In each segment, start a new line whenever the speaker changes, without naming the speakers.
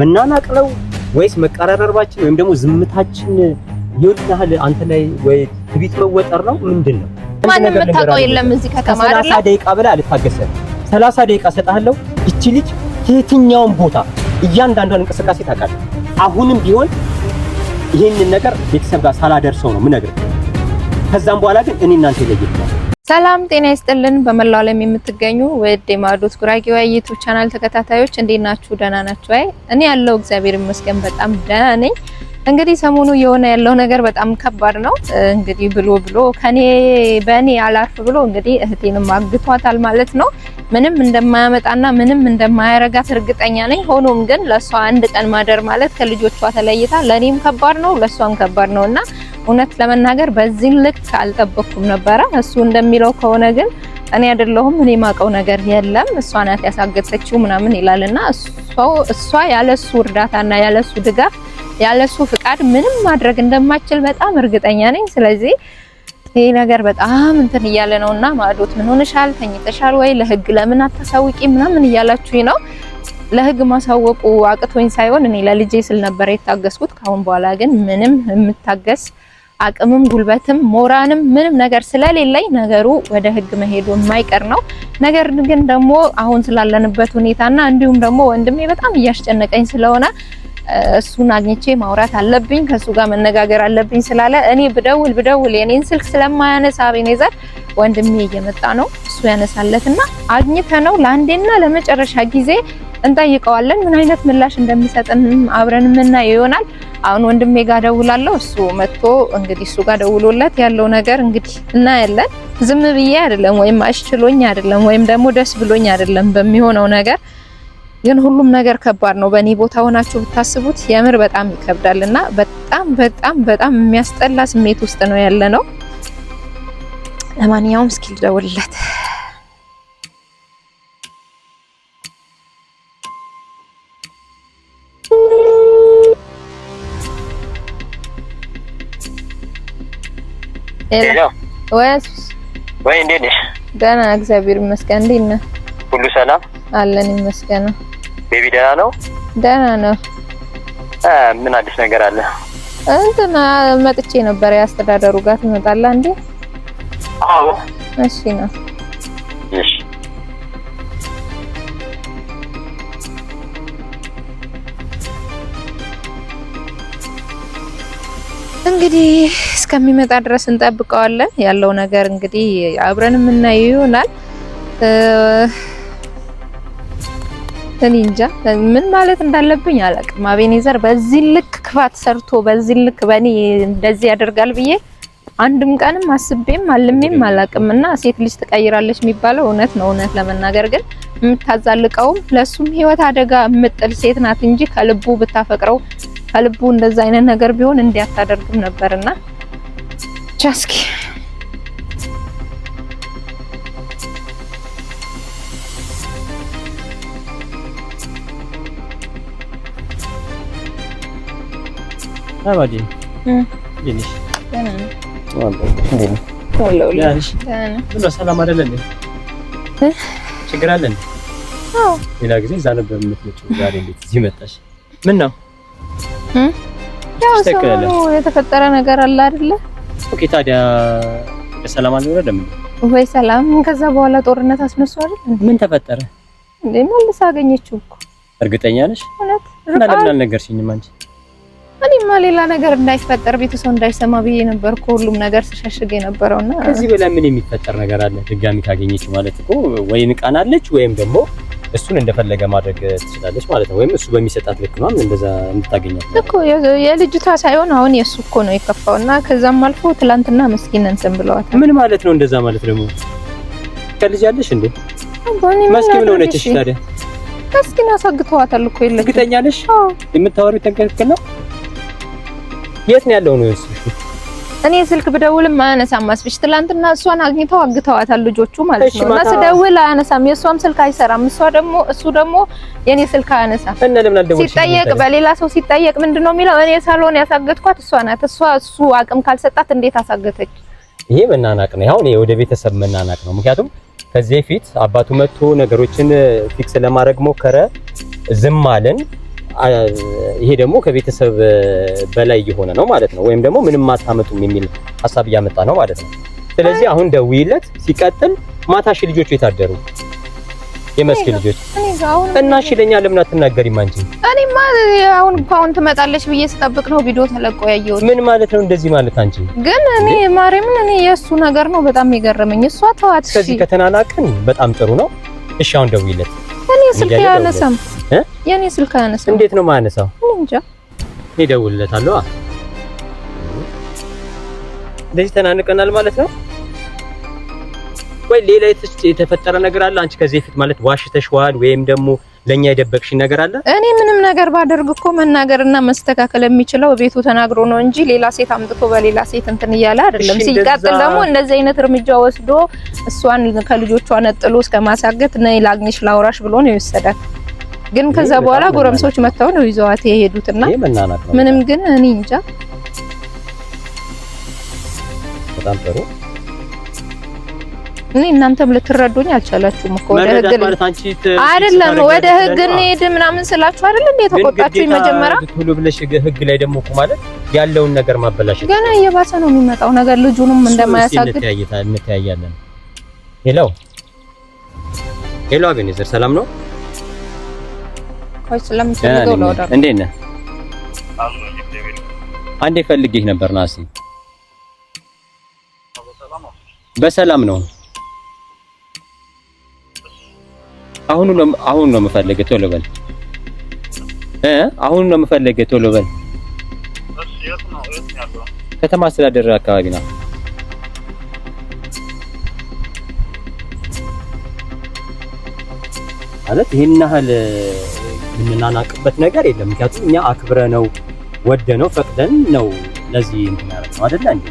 መናናቅ ነው ወይስ መቀራረባችን ወይም ደግሞ ዝምታችን ይሁንናል አንተ ላይ ወይ ትቢት መወጠር ነው ምንድን ነው?
ማንም የምታውቀው የለም እዚህ ከተማ
ደቂቃ ብለህ አልታገሰህም። ሰላሳ ደቂቃ ሰጣለሁ። እቺ ልጅ ከየትኛውም ቦታ እያንዳንዷን እንቅስቃሴ ታውቃለህ። አሁንም ቢሆን ይህንን ነገር ቤተሰብ ጋር ሳላደርሰው ነው ምነግርህ። ከዛም በኋላ ግን እኔ እናንተ
ሰላም ጤና ይስጥልን። በመላው ዓለም የምትገኙ ውድ የማዕዶት ጉራጌ ዋይ ዩቲዩብ ቻናል ተከታታዮች እንዴት ናችሁ? ደህና ናችሁ? አይ እኔ ያለው እግዚአብሔር ይመስገን በጣም ደህና ነኝ። እንግዲህ ሰሞኑ የሆነ ያለው ነገር በጣም ከባድ ነው። እንግዲህ ብሎ ብሎ ከኔ በእኔ አላርፍ ብሎ እንግዲህ እህቴንም አግቷታል ማለት ነው። ምንም እንደማያመጣና ምንም እንደማያረጋት እርግጠኛ ነኝ። ሆኖም ግን ለሷ አንድ ቀን ማደር ማለት ከልጆቿ ተለይታ ለኔም ከባድ ነው፣ ለሷም ከባድ ነውና እውነት ለመናገር በዚህ ልክ አልጠበኩም ነበረ። እሱ እንደሚለው ከሆነ ግን እኔ አይደለሁም እኔ ማቀው ነገር የለም እሷ ናት ያሳገጠችው ምናምን ይላልና እሷ ያለሱ እርዳታና ያለሱ ድጋፍ ያለሱ ፍቃድ ምንም ማድረግ እንደማችል በጣም እርግጠኛ ነኝ። ስለዚህ ይህ ነገር በጣም እንትን እያለ ነውና ማዕዶት ምን ሆነሻል? ተኝተሻል ወይ? ለህግ ለምን አታሳውቂ ምናምን እያላችሁኝ ነው። ለህግ ማሳወቁ አቅቶኝ ሳይሆን እኔ ለልጄ ስል ነበረ የታገስኩት። ካሁን በኋላ ግን ምንም የምታገስ አቅምም ጉልበትም ሞራንም ምንም ነገር ስለሌለኝ ነገሩ ወደ ህግ መሄዱ የማይቀር ነው። ነገር ግን ደግሞ አሁን ስላለንበት ሁኔታና እንዲሁም ደግሞ ወንድሜ በጣም እያስጨነቀኝ ስለሆነ እሱን አግኝቼ ማውራት አለብኝ፣ ከእሱ ጋር መነጋገር አለብኝ ስላለ እኔ ብደውል ብደውል የኔን ስልክ ስለማያነሳ አቤኔዘር ወንድሜ እየመጣ ነው። እሱ ያነሳለትና ነው ለአንዴና ለመጨረሻ ጊዜ እንጠይቀዋለን። ምን አይነት ምላሽ እንደሚሰጥን አብረን የምናየው ይሆናል። አሁን ወንድሜ ጋር ደውላለሁ። እሱ መጥቶ እንግዲህ እሱ ጋር ደውሎለት ያለው ነገር እንግዲህ እናያለን። ዝም ብዬ አይደለም ወይም አሽችሎኝ አይደለም ወይም ደግሞ ደስ ብሎኝ አይደለም በሚሆነው ነገር ግን ሁሉም ነገር ከባድ ነው። በእኔ ቦታ ሆናችሁ ብታስቡት የምር በጣም ይከብዳል እና በጣም በጣም በጣም የሚያስጠላ ስሜት ውስጥ ነው ያለ ነው። ለማንኛውም እስኪ ልደውልለት Eh, ወይስ ወይ እንዴት ነሽ? ደህና እግዚአብሔር ይመስገን። እንዴት ነህ? ሁሉ ሰላም አለን ይመስገን። ቤቢ ደህና ነው? ደህና ነው።
ምን አዲስ ነገር አለ?
እንትና መጥቼ ነበር የአስተዳደሩ ጋር ትመጣለህ እንዴ? አዎ። እሺ ነው። እሺ እንግዲህ እስከሚመጣ ድረስ እንጠብቀዋለን። ያለው ነገር እንግዲህ አብረን የምናየው ይሆናል። እኔ እንጃ ምን ማለት እንዳለብኝ አላቅም። አቤኔዘር በዚህ ልክ ክፋት ሰርቶ በዚህ ልክ በእኔ እንደዚህ ያደርጋል ብዬ አንድም ቀንም አስቤም አልሜም አላቅም። እና ሴት ልጅ ትቀይራለች የሚባለው እውነት ነው። እውነት ለመናገር ግን የምታዛልቀውም ለሱም ህይወት አደጋ የምጥል ሴት ናት እንጂ ከልቡ ብታፈቅረው ከልቡ እንደዛ አይነት ነገር ቢሆን እንዲያታደርግም ነበርና ቻስኪ
ሰላም አይደለም። ሌላ ጊዜ እዛ ነበር የምትመጪው። ዛሬ እንዴት እዚህ መጣሽ? ምን ነው
ሰው የተፈጠረ ነገር አለ አይደለ?
ኦኬ ታዲያ በሰላም አልወረደም
ወይ? ሰላም ከዛ በኋላ ጦርነት አስነሱ አይደል? ምን ተፈጠረ እንዴ? መልስ አገኘችው እኮ። እርግጠኛ ነሽ? እውነት
እና ለምን አልነገርሽኝም አንቺ?
እኔማ ሌላ ነገር እንዳይፈጠር ቤተሰብ እንዳይሰማ ብዬ ነበር እኮ ሁሉም ነገር ስሸሽግ የነበረውና
ከዚህ በላይ ምን የሚፈጠር ነገር አለ? ድጋሚ ካገኘችው ማለት እኮ ወይ ንቃናለች ወይም ደግሞ እሱን እንደፈለገ ማድረግ ትችላለች ማለት ነው። ወይም እሱ በሚሰጣት ልክ ነው እንደዛ እንድታገኛት
እኮ የልጅቷ ሳይሆን አሁን የእሱ እኮ ነው የከፋው። እና ከዛም አልፎ ትላንትና መስኪን እንትን ብለዋት
ምን ማለት ነው? እንደዛ ማለት ደግሞ ከልጅ ያለሽ እንዴ? መስኪን ምን ሆነች? እሺ ታዲያ
መስኪን አሳግተዋታል እኮ የለችም።
እርግጠኛ ነሽ? የምታወሪው ትክክል ነው? የት ነው ያለው ነው እሱ
እኔ ስልክ ብደውልም አያነሳም አስብሽ። ትላንትና እሷን አግኝተው አግተዋታል ልጆቹ ማለት ነው። እና ስደውል አያነሳም፣ የእሷም ስልክ አይሰራም። እሷ ደግሞ እሱ ደግሞ የኔ ስልክ አያነሳም። ሲጠየቅ በሌላ ሰው ሲጠየቅ ምንድነው የሚለው? እኔ ሳሎን ያሳገትኳት እሷ ናት። እሷ እሱ አቅም ካልሰጣት እንዴት አሳገተች?
ይሄ መናናቅ ነው። አሁን ወደ ቤተሰብ መናናቅ ነው። ምክንያቱም ከዚህ ፊት አባቱ መጥቶ ነገሮችን ፊክስ ለማድረግ ሞከረ፣ ዝም አለን ይሄ ደግሞ ከቤተሰብ በላይ የሆነ ነው ማለት ነው። ወይም ደግሞ ምንም አታመጡም የሚል ሀሳብ እያመጣ ነው ማለት ነው። ስለዚህ አሁን ደውይለት። ሲቀጥል ማታ እሺ፣ ልጆቹ የታደሩ የመስኪ ልጆች እና እሺ፣ ለኛ ለምን አትናገሪም አንቺ?
እኔማ አሁን አሁን ትመጣለች ብዬ ስጠብቅ ነው ቪዲዮ ተለቆ ያየሁት።
ምን ማለት ነው እንደዚህ ማለት አንቺ?
ግን እኔ ማርያምን፣ እኔ የእሱ ነገር ነው በጣም የገረመኝ። እሷ ተዋት። ከዚህ
ከተናናቅን በጣም ጥሩ ነው። እሺ፣ አሁን ደውይለት።
እኔ ስልክ ያነሳም የኔ ስልክ አያነሳም።
እንዴት ነው የማያነሳው? እንጃ። እኔ እደውልለታለሁ። እንደዚህ ተናንቀናል ማለት ነው። ወይ ሌላ የተፈጠረ ነገር አለ? አንቺ ከዚህ ፊት ማለት ዋሽተሽዋል ወይም ደግሞ ለኛ የደበቅሽ ነገር አለ?
እኔ ምንም ነገር ባደርግ እኮ መናገርና መስተካከል የሚችለው ቤቱ ተናግሮ ነው እንጂ ሌላ ሴት አምጥቶ በሌላ ሴት እንትን እያለ አይደለም። ሲቀጥል ደግሞ እንደዚህ አይነት እርምጃ ወስዶ እሷን ከልጆቿ ነጥሎ እስከ ማሳገት ነይ ላግኝሽ ላውራሽ ብሎ ነው የወሰዳት። ግን ከዛ በኋላ ጎረምሶች መጥተው ነው ይዘዋት የሄዱትና ምንም ግን እኔ እንጃ። በጣም ጥሩ እኔ እናንተም ልትረዱኝ አልቻላችሁም እኮ ወደ ህግ አይደለም ወደ ህግ እንሂድ ምናምን ስላችሁ አይደል እንዴ
ተቆጣችሁ። መጀመሪያ ሁሉ ብለሽ ህግ ላይ ደግሞ እኮ ማለት ያለውን ነገር ማበላሽ
ገና እየባሰ ነው የሚመጣው ነገር ልጁንም
እንደማያሳግድ እንተያያለን። ሄሎ ሄሎ፣ አቤኔዘር ሰላም ነው? እንዴት ነህ? አንዴ ፈልጌህ ነበር። ናሲ በሰላም ነው? አሁኑ ነው አሁኑ ነው ቶሎ በል እ አሁኑ ነው ቶሎ በል ከተማ አስተዳደር አካባቢ ነው። ማለት ይሄን ያህል የምናናቅበት ነገር የለም። ምክንያቱም እኛ አክብረ ነው ወደ ነው ፈቅደን ነው ለዚህ እንድናረግ አደለ እንዴ?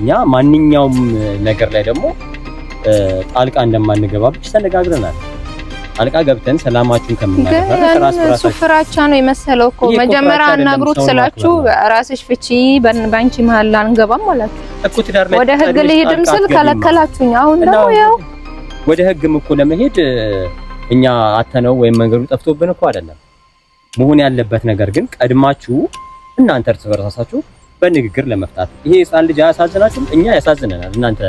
እኛ ማንኛውም ነገር ላይ ደግሞ ጣልቃ እንደማንገባ እንደማንገባብሽ ተነጋግረናል። ጣልቃ ገብተን ሰላማችን
ከምናደፈር ፍራቻ ነው የመሰለው እኮ መጀመሪያ አናግሩት ስላችሁ ራስሽ ፍቺ ባንቺ መሀል አንገባም ማለት
እኮ ትዳር ላይ ወደ ህግ ልሄድም ስል ከለከላችሁኝ። አሁን ደግሞ ያው ወደ ህግም እኮ ለመሄድ እኛ አተነው ወይም መንገዱ ጠፍቶብን እኮ አይደለም መሆን ያለበት ነገር ግን ቀድማችሁ እናንተ እርስ በርሳችሁ በንግግር ለመፍታት ይሄ ህፃን ልጅ አያሳዝናችሁም? እኛ ያሳዝነናል። እናንተ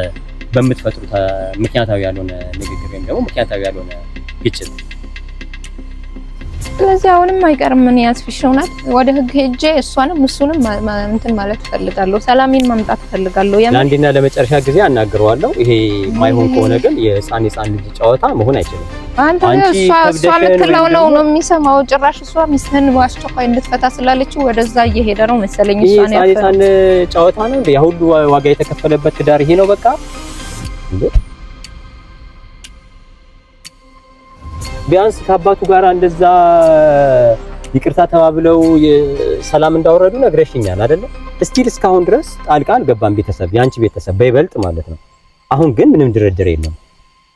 በምትፈጥሩት ምክንያታዊ ያልሆነ ንግግር ወይም ደግሞ ምክንያታዊ ያልሆነ ግጭት
ስለዚህ አሁንም አይቀርም ምን ያስፍሽ ሆናል ወደ ህግ ሄጄ እሷንም እሱንም እንትን ማለት እፈልጋለሁ። ሰላሜን ማምጣት እፈልጋለሁ።
ለአንዴና ለመጨረሻ ጊዜ አናግረዋለሁ። ይሄ ማይሆን ከሆነ ግን የህፃን የህፃን ልጅ ጨዋታ መሆን አይችልም።
አንተ እሷ እሷ የምትለው ነው ነው የሚሰማው። ጭራሽ እሷ ሚስትህን በአስቸኳይ እንድትፈታ ስላለችው ወደዛ እየሄደ ነው መሰለኝ።
እሷ ነው ጨዋታ ነው እንዴ? ያ ሁሉ ዋጋ የተከፈለበት ትዳር ይሄ ነው በቃ እንዴ ቢያንስ ከአባቱ ጋር እንደዛ ይቅርታ ተባብለው ሰላም እንዳወረዱ ነግረሽኛል አይደለ? እስቲል እስካሁን ድረስ ጣልቃ አልገባም ቤተሰብ፣ ያንቺ ቤተሰብ በይበልጥ ማለት ነው። አሁን ግን ምንም ድርድር የለም።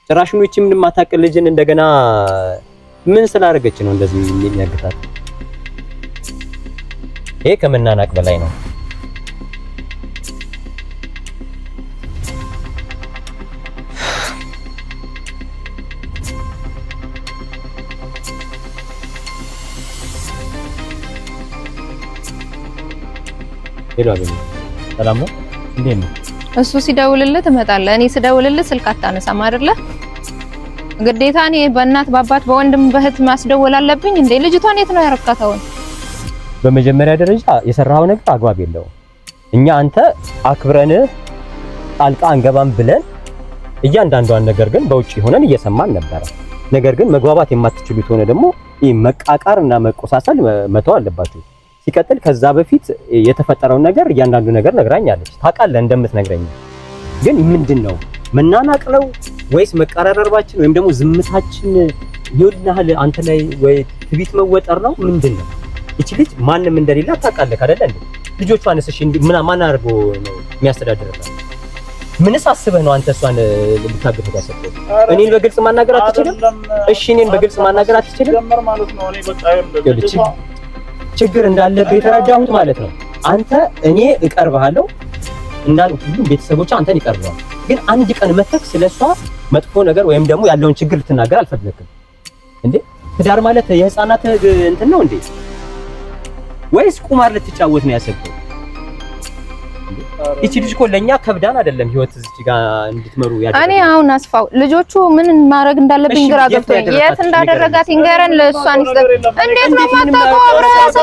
ጭራሽኑ ይቺ ምንም አታውቅ ልጅን እንደገና ምን ስላደረገች ነው እንደዚህ የሚያግታት? ይሄ ከመናናቅ በላይ ነው። ሄሎ አገኘሁ። ሰላም ነው? እንዴት ነው?
እሱ ሲደውልልህ ትመጣለህ። እኔ ስደውልልህ ስልክ አታነሳም አይደለ? ግዴታ እኔ በእናት በአባት በወንድም በእህት ማስደወል አለብኝ እንዴ? ልጅቷን የት ነው ያረካተውን?
በመጀመሪያ ደረጃ የሰራኸው ነገር አግባብ የለውም። እኛ አንተ አክብረን ጣልቃ አንገባም ብለን እያንዳንዷን ነገር ግን በውጭ ሆነን እየሰማን ነበረ። ነገር ግን መግባባት የማትችሉት ሆነ ደግሞ መቃቃር እና መቆሳሰል መተው አለባችሁ። ሲቀጥል ከዛ በፊት የተፈጠረውን ነገር እያንዳንዱ ነገር ነግራኛለች። ታውቃለህ እንደምትነግረኝ ግን ምንድን ነው መናናቅ ነው ወይስ መቀራረባችን ወይም ደግሞ ዝምታችን ይወድናል አንተ ላይ ወይ ትቢት መወጠር ነው ምንድን ነው? እቺ ልጅ ማንም እንደሌላ ታውቃለህ አይደለ እንዴ? ልጆቿንስ እንዴ ምን ማን አድርጎ ነው የሚያስተዳድርበት? ምንስ አስበህ ነው አንተ እሷን ልታገፍ ያሰብከው? እኔን በግልጽ ማናገር አትችልም? እሺ እኔን በግልጽ ማናገር አትችልም? ችግር እንዳለብህ የተረዳሁት ማለት ነው። አንተ እኔ እቀርብሃለሁ እንዳልኩ ሁሉም ቤተሰቦች አንተን ይቀርበዋል። ግን አንድ ቀን መተክ ስለሷ መጥፎ ነገር ወይም ደግሞ ያለውን ችግር ልትናገር አልፈለግም። እንዴ ትዳር ማለት የህፃናት እንትን ነው እንዴ? ወይስ ቁማር ልትጫወት ነው ያሰብከው? ይቺ ልጅ እኮ ለኛ ከብዳን አይደለም ህይወት እዚህ ጋር እንድትመሩ
ያደረገ። እኔ አሁን አስፋው ልጆቹ ምን ማድረግ እንዳለብኝ ግራ ገብቶኝ፣ የት እንዳደረጋት ይንገረን። ለእሷን ይስጠን። እንዴት ነው ማታውቀው? ራስ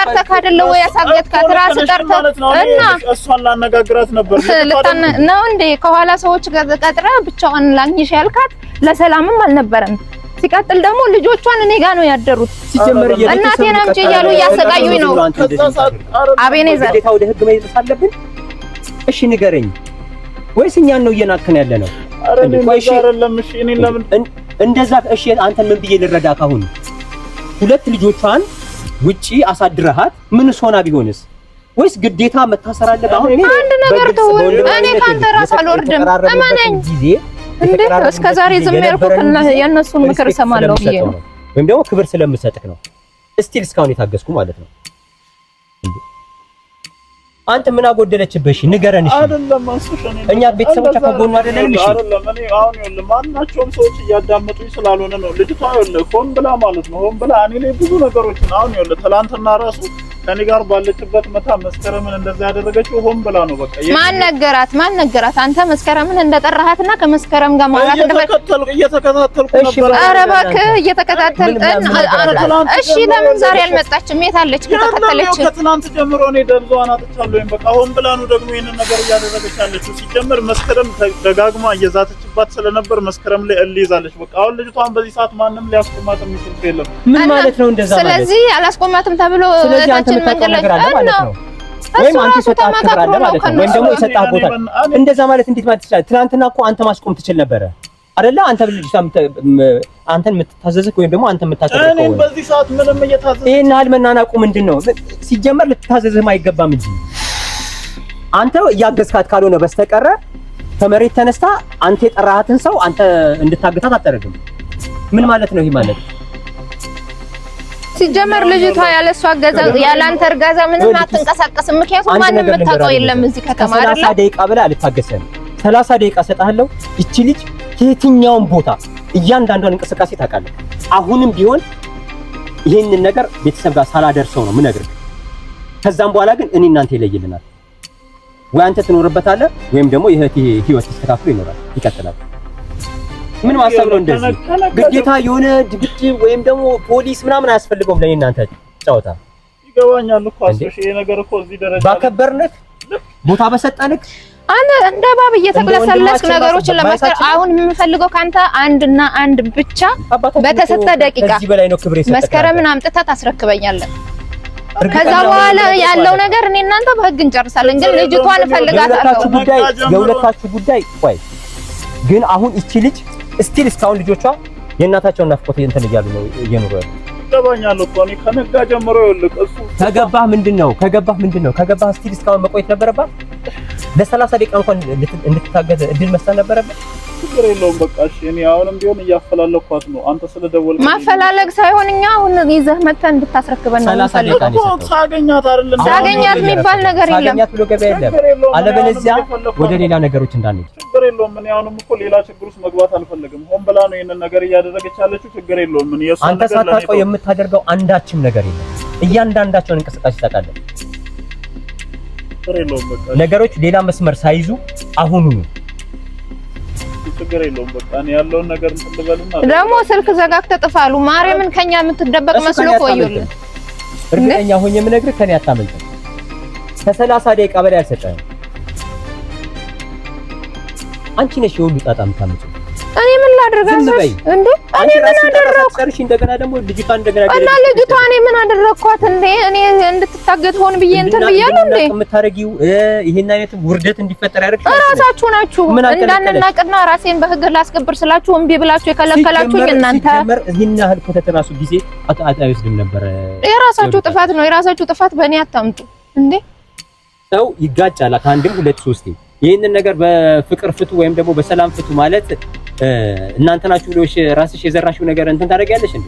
ጠርተህ አይደለ ወይ ያሳገትካት? ራስህ ጠርተህ እና እሷን ላነጋግራት ነበር ልታነ ነው እንዴ? ከኋላ ሰዎች ቀጥረህ ብቻዋን ላግኝሽ ያልካት ለሰላምም አልነበረም። ሲቀጥል ደግሞ ልጆቿን እኔ ጋር ነው ያደሩት። ሲጀመር እናቴን አምጪ እያሉ እያሰቃዩኝ ነው። አቤኔዘር ግዴታ ወደ ህግ መሄድ
አለብን። እሺ ንገረኝ፣ ወይስ እኛን ነው እየናከን ያለ ነው? እንደዛ እሺ፣ አንተ ምን ብዬ ልረዳ? ካሁን ሁለት ልጆቿን ውጪ አሳድረሃት ምን ሶና ቢሆንስ? ወይስ ግዴታ መታሰር አለብህ?
አሁን አንድ ነገር ተወው። እኔ ካንተ ራስ አልወርድም። እመነኝ ነው እስከ ዛሬ ዝም ያልኩት የእነሱን ምክር እሰማለሁ ብዬ ነው፣
ወይም ደግሞ ክብር ስለምሰጥህ ነው። እስቲል እስካሁን የታገስኩ ማለት ነው። አንተ ምን አጎደለችበሽ? ንገረን። እሺ አይደለም አንሱሽ እኔ እኛ ቤተሰቦች ከጎኑ አይደለንም። እሺ አይደለም እኔ አሁን ይኸውልህ ማናቸውም ሰዎች እያዳመጡኝ ስላልሆነ ነው። ልጅቷ ይኸውልህ ሆን ብላ ማለት ነው ሆን ብላ እኔ ላይ ብዙ
ነገሮችን አሁን ይኸውልህ ትናንትና ራሱ ከኔ ጋር ባለችበት መታ መስከረምን እንደዛ ያደረገችው ሆን ብላ ነው። በቃ ማን ነገራት? ማን ነገራት? አንተ መስከረምን እንደጠራሃትና ከመስከረም ጋር
ማውራት እንደፈለክ እየተከታተልኩ
ነበር። ኧረ እባክህ እየተከታተልን። እሺ ለምን ዛሬ አልመጣችም? የት አለች?
ከተከተለች ከትናንት ጀምሮ እኔ ደብዛዋን አጥቻለሁ። ወይም በቃ ሆን ብላ ነው ደግሞ ይህንን ነገር እያደረገች ያለችው። ሲጀመር መስከረም ደጋግማ እየዛተችባት ስለነበር መስከረም ላይ እልይዛለች። በቃ አሁን ልጅቷን በዚህ ሰዓት ማንም ሊያስቆማት የሚችል የለም።
ምን ማለት ነው እንደዛ? ስለዚህ አላስቆማትም ተብሎ
እህታችን መንገድ ላይ ነው ወይም አንተ የሰጣህ ክብር አለ ማለት ነው። ወይም ደግሞ የሰጣህ ቦታ እንደዛ ማለት እንዴት ማለት ይችላል? ትናንትና እኮ አንተ ማስቆም ትችል ነበረ አይደለ? አንተ ልጅ አንተን የምትታዘዝህ ወይም ደግሞ አንተ የምታከብረው
እኔ በዚህ ሰዓት ምንም
እየታዘዝህ ይሄን ያህል መናናቁ ምንድን ነው? ሲጀመር ልትታዘዝህም አይገባም እንጂ አንተ እያገዝካት ካልሆነ በስተቀረ ከመሬት ተነስታ አንተ የጠራሃትን ሰው አንተ እንድታገታት አጠረግም። ምን ማለት ነው ይሄ? ማለት
ሲጀመር ልጅቷ ያለሷ አገዛ ያላንተ እርጋዛ ምንም አትንቀሳቀስም። ምክንያቱም ማንም የምታውቀው የለም እዚህ ከተማ አይደለም።
30 ደቂቃ ብላ አልታገሰም። 30 ደቂቃ ሰጣለሁ። እቺ ልጅ ከየትኛውም ቦታ እያንዳንዷን እንቅስቃሴ ታውቃለህ። አሁንም ቢሆን ይህንን ነገር ቤተሰብ ጋር ሳላደርሰው ነው ምነግርህ። ከዛም በኋላ ግን እኔ እናንተ ይለይልናል። ወይ አንተ ትኖርበታለህ ወይም ደግሞ የእህቴ ህይወት ተስተካክሎ ይኖራል ይቀጥላል። ምን ማሰብ ነው እንደዚህ ግዴታ የሆነ ድብድብ ወይም ደግሞ ፖሊስ ምናምን አያስፈልገውም። ለኔ እናንተ ጫወታ
ይገባኛል እኮ አስሽ ይሄ ነገር
እኮ እዚህ ደረጃ ባከበርንህ ቦታ በሰጠንህ
አንተ እንደ እባብ እየተቅለሰለስክ ነገሮችን ለመፍጠር አሁን የምፈልገው ካንተ አንድና አንድ ብቻ በተሰጠ ደቂቃ መስከረምን አምጥተህ ታስረክበኛለህ። ከዛ በኋላ ያለው ነገር እኔ እናንተ በህግ እንጨርሳለን። ግን ልጅቷን እፈልጋታለሁ።
ጉዳይ የሁለታችሁ ጉዳይ። ቆይ ግን አሁን እቺ ልጅ እስቲል እስካሁን ልጆቿ የእናታቸውን ናፍቆት እንትን እያሉ ነው እየኖሩ ያሉ። ከነጋ ጀምሮ ከገባህ ምንድን ነው ከገባህ ምንድን ነው ከገባህ እስቲል እስካሁን መቆየት ነበረባት። ለሰላሳ ደቂቃ እንኳን እንድትታገዝ እድል መስጠት ነበረብን። ችግር የለውም በቃ እሺ። እኔ አሁንም
ቢሆን እያፈላለኳት ነው። አንተ ስለደወልክ ማፈላለግ ሳይሆን እኛ አሁን ይዘህ መተን እንድታስረክበን
ነው የምንፈልገው።
ሳገኛት አይደለም ሳገኛት የሚባል ነገር
የለም። ሳገኛት ብሎ ገበያ የለም። አለበለዚያ ወደ ሌላ ነገሮች እንዳንሄድ። ችግር የለውም። እኔ አሁንም እኮ ሌላ ችግር ውስጥ መግባት አልፈልግም። ሆን ብላ ነው ይሄንን ነገር እያደረገች ያለችው። ችግር የለውም። አንተ ሳታውቀው የምታደርገው አንዳችም ነገር የለም። እያንዳንዳቸውን እንቅስቃሴ ታውቃለህ። ነገሮች ሌላ መስመር ሳይዙ አሁኑኑ ችግር
የለውም። በቃ እኔ ያለውን ነገር ደግሞ ስልክ ዘጋግተህ ጥፋሉ። ማርያምን ከኛ የምትደበቅ መስሎ ቆዩልን።
እርግጠኛ ሆኜ የምነግርህ ከኔ አታመልጥም። ከሰላሳ ደቂቃ በላይ አልሰጠህም። አንቺ ነሽ የሁሉ ጣጣ የምታመጪው።
አድርጋለሽ እኔ ምን አደረኩሽ? አደረኳት እንዴ? እኔ እንድትታገት ሆን ብዬ እንትን ብያለሁ እንዴ?
የምታረጊው ይሄን አይነት ውርደት እንዲፈጠር
ያደርግሽ እራሳችሁ ናችሁ። እንዳንናቅና ራሴን በህግ ላስከብር ስላችሁ እምቢ ብላችሁ የከለከላችሁኝ እናንተ።
ይሄን ያህል ኮተት እራሱ ጊዜ አይወስድም ነበር።
የራሳችሁ ጥፋት ነው። የራሳችሁ ጥፋት በእኔ አታምጡ እንዴ?
ሰው ይጋጫላ ከአንድም ሁለት ሶስቴ። ይህንን ነገር በፍቅር ፍቱ ወይም ደግሞ በሰላም ፍቱ ማለት እናንተ ናችሁ ብሎሽ ራስሽ የዘራሽው ነገር እንትን ታደርጊያለሽ እንዴ?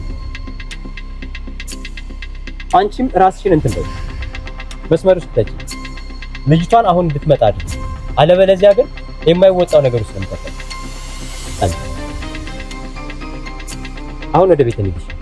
አንቺም ራስሽን እንትን በይ፣ መስመር ውስጥ ተጪ ልጅቷን አሁን እንድትመጣ አይደል። አለበለዚያ ግን የማይወጣው ነገር ውስጥ ነው የምትጠፋው። አሁን ወደ ቤት እንሂድ።